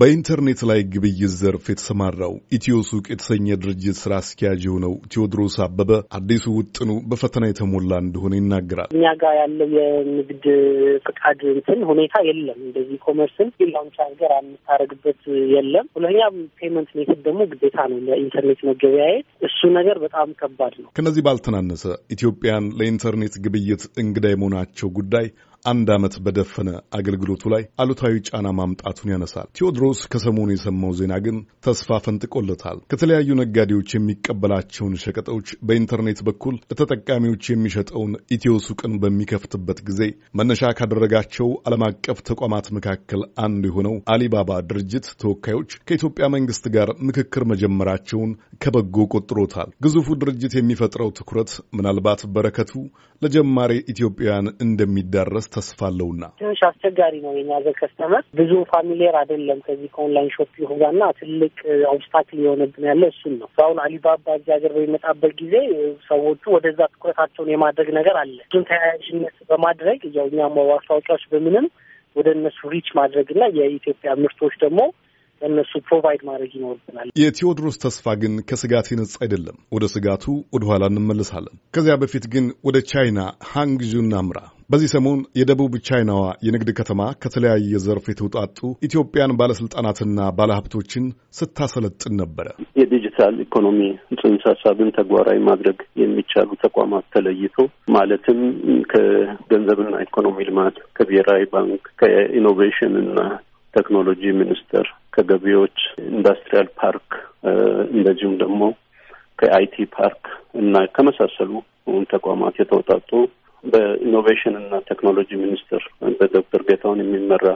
በኢንተርኔት ላይ ግብይት ዘርፍ የተሰማራው ኢትዮ ሱቅ የተሰኘ ድርጅት ስራ አስኪያጅ የሆነው ቴዎድሮስ አበበ አዲሱ ውጥኑ በፈተና የተሞላ እንደሆነ ይናገራል። እኛ ጋር ያለው የንግድ ፍቃድ እንትን ሁኔታ የለም። እንደዚህ ኮመርስን ላውንች አድርገን የምታደርግበት የለም። ሁለተኛ ፔመንት ሜትድ ደግሞ ግዴታ ነው ለኢንተርኔት መገበያየት። እሱ ነገር በጣም ከባድ ነው። ከነዚህ ባልተናነሰ ኢትዮጵያን ለኢንተርኔት ግብይት እንግዳ የመሆናቸው ጉዳይ አንድ ዓመት በደፈነ አገልግሎቱ ላይ አሉታዊ ጫና ማምጣቱን ያነሳል። ቴዎድሮስ ከሰሞኑ የሰማው ዜና ግን ተስፋ ፈንጥቆለታል። ከተለያዩ ነጋዴዎች የሚቀበላቸውን ሸቀጦች በኢንተርኔት በኩል ለተጠቃሚዎች የሚሸጠውን ኢትዮ ሱቅን በሚከፍትበት ጊዜ መነሻ ካደረጋቸው ዓለም አቀፍ ተቋማት መካከል አንዱ የሆነው አሊባባ ድርጅት ተወካዮች ከኢትዮጵያ መንግስት ጋር ምክክር መጀመራቸውን ከበጎ ቆጥሮታል። ግዙፉ ድርጅት የሚፈጥረው ትኩረት ምናልባት በረከቱ ለጀማሪ ኢትዮጵያውያን እንደሚዳረስ ተስፋ አለውና ትንሽ አስቸጋሪ ነው። የኛ ሀገር ከስተመር ብዙ ፋሚሊየር አይደለም ከዚህ ከኦንላይን ሾፒንግ ጋር ትልቅ ኦብስታክል የሆነብን ያለ እሱን ነው። አሁን አሊባባ እዚህ ሀገር በሚመጣበት ጊዜ ሰዎቹ ወደዛ ትኩረታቸውን የማድረግ ነገር አለ። እሱን ተያያዥነት በማድረግ ያው እኛ ማስታወቂያዎች በምንም ወደ እነሱ ሪች ማድረግና የኢትዮጵያ ምርቶች ደግሞ ለእነሱ ፕሮቫይድ ማድረግ ይኖርብናል። የቴዎድሮስ ተስፋ ግን ከስጋት የነጻ አይደለም። ወደ ስጋቱ ወደኋላ እንመለሳለን። ከዚያ በፊት ግን ወደ ቻይና ሃንግዙ እናምራ። በዚህ ሰሞን የደቡብ ቻይናዋ የንግድ ከተማ ከተለያየ ዘርፍ የተውጣጡ ኢትዮጵያን ባለስልጣናትና ባለሀብቶችን ስታሰለጥን ነበረ። የዲጂታል ኢኮኖሚ ጽንሰ ሀሳብን ተግባራዊ ማድረግ የሚቻሉ ተቋማት ተለይቶ ማለትም ከገንዘብና ኢኮኖሚ ልማት፣ ከብሔራዊ ባንክ፣ ከኢኖቬሽን እና ቴክኖሎጂ ሚኒስቴር ከገቢዎች ኢንዱስትሪያል ፓርክ እንደዚሁም ደግሞ ከአይቲ ፓርክ እና ከመሳሰሉ ተቋማት የተውጣጡ በኢኖቬሽን እና ቴክኖሎጂ ሚኒስትር በዶክተር ጌታውን የሚመራ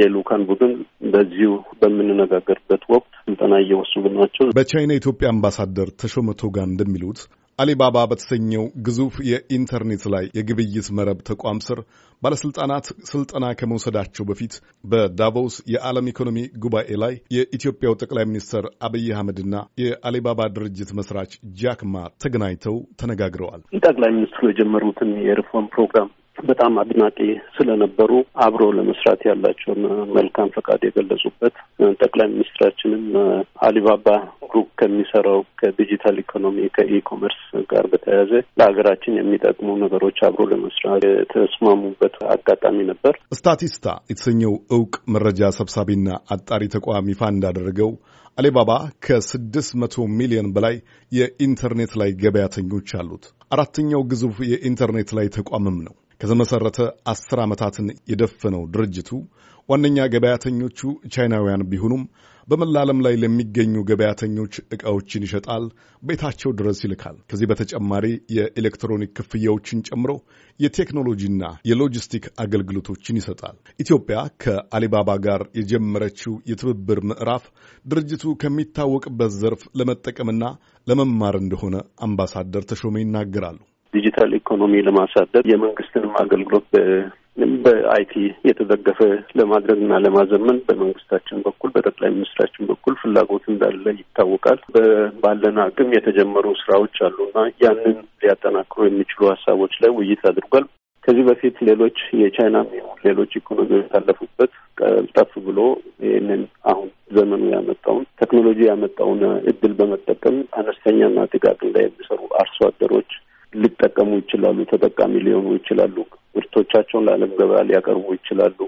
የልኡካን ቡድን በዚሁ በምንነጋገርበት ወቅት ስልጠና እየወሰዱ ናቸው። በቻይና ኢትዮጵያ አምባሳደር ተሾመ ቶጋ እንደሚሉት አሊባባ በተሰኘው ግዙፍ የኢንተርኔት ላይ የግብይት መረብ ተቋም ስር ባለሥልጣናት ስልጠና ከመውሰዳቸው በፊት በዳቮስ የዓለም ኢኮኖሚ ጉባኤ ላይ የኢትዮጵያው ጠቅላይ ሚኒስትር አብይ አህመድና የአሊባባ ድርጅት መስራች ጃክማ ተገናኝተው ተነጋግረዋል። ጠቅላይ ሚኒስትሩ የጀመሩትን የሪፎርም ፕሮግራም በጣም አድናቂ ስለነበሩ አብሮ ለመስራት ያላቸውን መልካም ፈቃድ የገለጹበት ጠቅላይ ሚኒስትራችንም አሊባባ ግሩፕ ከሚሰራው ከዲጂታል ኢኮኖሚ ከኢኮመርስ ጋር በተያያዘ ለሀገራችን የሚጠቅሙ ነገሮች አብሮ ለመስራት የተስማሙበት አጋጣሚ ነበር። ስታቲስታ የተሰኘው እውቅ መረጃ ሰብሳቢና አጣሪ ተቋም ይፋ እንዳደረገው አሊባባ ከስድስት መቶ ሚሊዮን በላይ የኢንተርኔት ላይ ገበያተኞች አሉት። አራተኛው ግዙፍ የኢንተርኔት ላይ ተቋምም ነው። ከተመሠረተ አስር ዓመታትን የደፈነው ድርጅቱ ዋነኛ ገበያተኞቹ ቻይናውያን ቢሆኑም በመላ ዓለም ላይ ለሚገኙ ገበያተኞች ዕቃዎችን ይሸጣል፣ ቤታቸው ድረስ ይልካል። ከዚህ በተጨማሪ የኤሌክትሮኒክ ክፍያዎችን ጨምሮ የቴክኖሎጂና የሎጂስቲክ አገልግሎቶችን ይሰጣል። ኢትዮጵያ ከአሊባባ ጋር የጀመረችው የትብብር ምዕራፍ ድርጅቱ ከሚታወቅበት ዘርፍ ለመጠቀምና ለመማር እንደሆነ አምባሳደር ተሾመ ይናገራሉ። ዲጂታል ኢኮኖሚ ለማሳደግ የመንግስትንም አገልግሎት በአይቲ የተደገፈ ለማድረግና ለማዘመን በመንግስታችን በኩል በጠቅላይ ሚኒስትራችን በኩል ፍላጎት እንዳለ ይታወቃል። ባለን አቅም የተጀመሩ ስራዎች አሉና ያንን ሊያጠናክሩ የሚችሉ ሀሳቦች ላይ ውይይት አድርጓል። ከዚህ በፊት ሌሎች የቻይና ሌሎች ኢኮኖሚዎች ያለፉበት ቀልጠፍ ብሎ ይህንን አሁን ዘመኑ ያመጣውን ቴክኖሎጂ ያመጣውን እድል በመጠቀም አነስተኛና ጥቃቅን ላይ የሚሰሩ አርሶ አደሮች ሊጠቀሙ ይችላሉ፣ ተጠቃሚ ሊሆኑ ይችላሉ። ምርቶቻቸውን ለዓለም ገበያ ሊያቀርቡ ይችላሉ።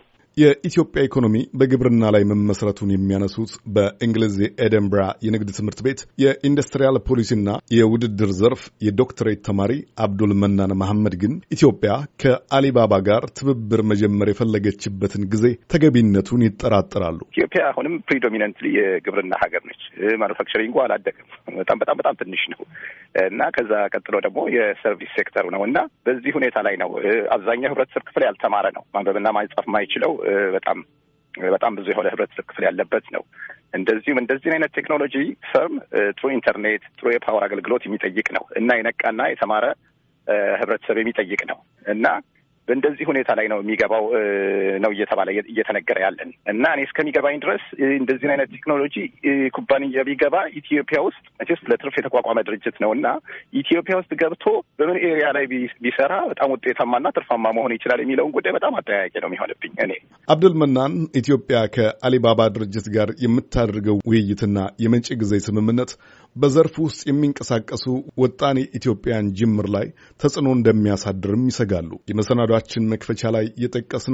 የኢትዮጵያ ኢኮኖሚ በግብርና ላይ መመስረቱን የሚያነሱት በእንግሊዝ የኤደንብራ የንግድ ትምህርት ቤት የኢንዱስትሪያል ፖሊሲና የውድድር ዘርፍ የዶክትሬት ተማሪ አብዱል መናን መሐመድ ግን ኢትዮጵያ ከአሊባባ ጋር ትብብር መጀመር የፈለገችበትን ጊዜ ተገቢነቱን ይጠራጠራሉ። ኢትዮጵያ አሁንም ፕሪዶሚናንትሊ የግብርና ሀገር ነች። ማኑፋክቸሪንጉ አላደገም። በጣም በጣም በጣም ትንሽ ነው እና ከዛ ቀጥሎ ደግሞ የሰርቪስ ሴክተሩ ነው እና በዚህ ሁኔታ ላይ ነው አብዛኛው ህብረተሰብ ክፍል ያልተማረ ነው ማንበብና ማጻፍ ማይችለው በጣም በጣም ብዙ የሆነ ህብረተሰብ ክፍል ያለበት ነው። እንደዚሁም እንደዚህን አይነት ቴክኖሎጂ ፈርም ጥሩ ኢንተርኔት፣ ጥሩ የፓወር አገልግሎት የሚጠይቅ ነው እና የነቃና የተማረ ህብረተሰብ የሚጠይቅ ነው እና በእንደዚህ ሁኔታ ላይ ነው የሚገባው ነው እየተባለ እየተነገረ ያለን እና እኔ እስከሚገባኝ ድረስ እንደዚህን አይነት ቴክኖሎጂ ኩባንያ ቢገባ ኢትዮጵያ ውስጥ መቼስ ለትርፍ የተቋቋመ ድርጅት ነው እና ኢትዮጵያ ውስጥ ገብቶ በምን ኤሪያ ላይ ቢሰራ በጣም ውጤታማና ትርፋማ መሆን ይችላል የሚለውን ጉዳይ በጣም አጠያያቂ ነው የሚሆንብኝ። እኔ አብዱል መናን ኢትዮጵያ ከአሊባባ ድርጅት ጋር የምታደርገው ውይይትና የመጪ ጊዜ ስምምነት በዘርፍ ውስጥ የሚንቀሳቀሱ ወጣኔ ኢትዮጵያን ጅምር ላይ ተጽዕኖ እንደሚያሳድርም ይሰጋሉ። የመሰናዶ መሰናዷችን መክፈቻ ላይ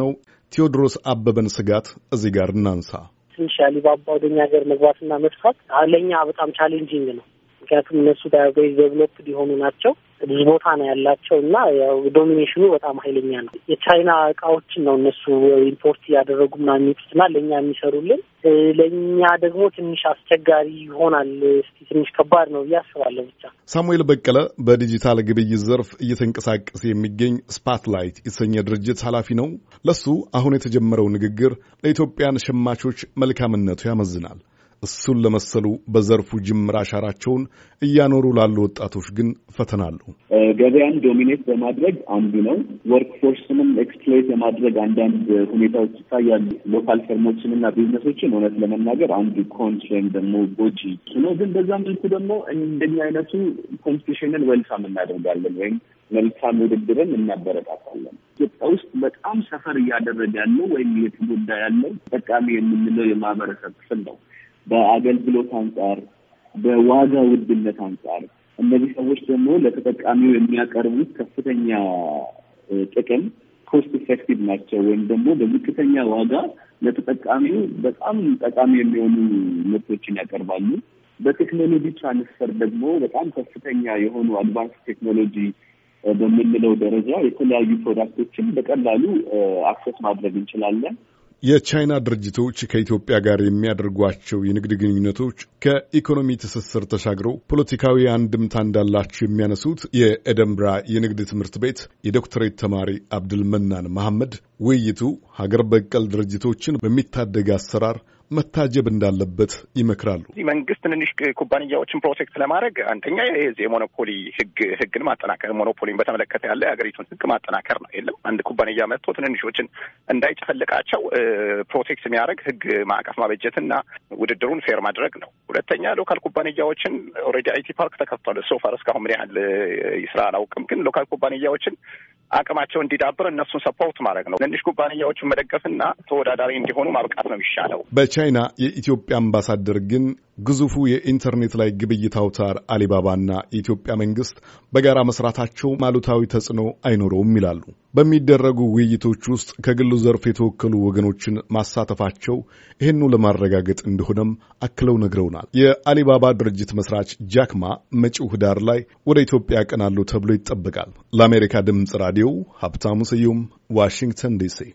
ነው ቴዎድሮስ አበበን ስጋት እዚህ ጋር እናንሳ። ትንሽ ያሊባባ ወደኛ ሀገር መግባትና መስፋት ለእኛ በጣም ቻሌንጂንግ ነው። ምክንያቱም እነሱ ዳያቤ ዴቨሎፕ ሊሆኑ ናቸው። ብዙ ቦታ ነው ያላቸው እና ያው ዶሚኔሽኑ በጣም ኃይለኛ ነው። የቻይና እቃዎችን ነው እነሱ ኢምፖርት እያደረጉ ምናምን የሚጡት እና ለእኛ የሚሰሩልን ለእኛ ደግሞ ትንሽ አስቸጋሪ ይሆናል። እስኪ ትንሽ ከባድ ነው ብዬ አስባለሁ። ብቻ ሳሙኤል በቀለ በዲጂታል ግብይት ዘርፍ እየተንቀሳቀሰ የሚገኝ ስፓትላይት የተሰኘ ድርጅት ኃላፊ ነው። ለሱ አሁን የተጀመረው ንግግር ለኢትዮጵያን ሸማቾች መልካምነቱ ያመዝናል። እሱን ለመሰሉ በዘርፉ ጅምር አሻራቸውን እያኖሩ ላሉ ወጣቶች ግን ፈተና ገበያን ዶሚኔት በማድረግ አንዱ ነው። ወርክፎርስንም ኤክስፕሎይት የማድረግ አንዳንድ ሁኔታዎች ይታያሉ። ሎካል ፈርሞችንና ቢዝነሶችን እውነት ለመናገር አንዱ ኮንስ ወይም ደግሞ ጎጂ ስኖ፣ ግን በዛ መልኩ ደግሞ እንደኛ አይነቱ ኮምፒቲሽንን ወልካም እናደርጋለን ወይም መልካም ውድድርን እናበረታታለን። ኢትዮጵያ ውስጥ በጣም ሰፈር እያደረገ ያለው ወይም እየተጎዳ ያለው ጠቃሚ የምንለው የማህበረሰብ ክፍል ነው። በአገልግሎት አንጻር፣ በዋጋ ውድነት አንጻር እነዚህ ሰዎች ደግሞ ለተጠቃሚው የሚያቀርቡት ከፍተኛ ጥቅም ኮስት ኢፌክቲቭ ናቸው ወይም ደግሞ በዝቅተኛ ዋጋ ለተጠቃሚው በጣም ጠቃሚ የሚሆኑ ምርቶችን ያቀርባሉ። በቴክኖሎጂ ትራንስፈር ደግሞ በጣም ከፍተኛ የሆኑ አድቫንስ ቴክኖሎጂ በምንለው ደረጃ የተለያዩ ፕሮዳክቶችን በቀላሉ አክሰስ ማድረግ እንችላለን። የቻይና ድርጅቶች ከኢትዮጵያ ጋር የሚያደርጓቸው የንግድ ግንኙነቶች ከኢኮኖሚ ትስስር ተሻግረው ፖለቲካዊ አንድምታ እንዳላቸው የሚያነሱት የኤደንብራ የንግድ ትምህርት ቤት የዶክተሬት ተማሪ አብድል መናን መሐመድ ውይይቱ ሀገር በቀል ድርጅቶችን በሚታደግ አሰራር መታጀብ እንዳለበት ይመክራሉ። መንግስት ትንንሽ ኩባንያዎችን ፕሮቴክት ለማድረግ አንደኛ የዚህ የሞኖፖሊ ህግ ህግን ማጠናከር ሞኖፖሊን በተመለከተ ያለ የሀገሪቱን ህግ ማጠናከር ነው። የለም አንድ ኩባንያ መጥቶ ትንንሾችን እንዳይጨፈልቃቸው ፕሮቴክት የሚያደርግ ህግ ማዕቀፍ ማበጀትና ውድድሩን ፌር ማድረግ ነው። ሁለተኛ ሎካል ኩባንያዎችን ኦልሬዲ አይቲ ፓርክ ተከፍቷል። ሶፋር እስካሁን ምን ያህል ስራ አላውቅም፣ ግን ሎካል ኩባንያዎችን አቅማቸው እንዲዳብር እነሱን ሰፖርት ማድረግ ነው። ትንሽ ኩባንያዎችን መደገፍና ተወዳዳሪ እንዲሆኑ ማብቃት ነው የሚሻለው። በቻይና የኢትዮጵያ አምባሳደር ግን ግዙፉ የኢንተርኔት ላይ ግብይት አውታር አሊባባና የኢትዮጵያ መንግስት በጋራ መስራታቸው አሉታዊ ተጽዕኖ አይኖረውም ይላሉ። በሚደረጉ ውይይቶች ውስጥ ከግሉ ዘርፍ የተወከሉ ወገኖችን ማሳተፋቸው ይህኑ ለማረጋገጥ እንደሆነም አክለው ነግረውናል። የአሊባባ ድርጅት መስራች ጃክማ መጪው ህዳር ላይ ወደ ኢትዮጵያ ያቀናሉ ተብሎ ይጠበቃል። ለአሜሪካ ድምፅ ራዲዮ ሀብታሙ ስዩም ዋሽንግተን ዲሲ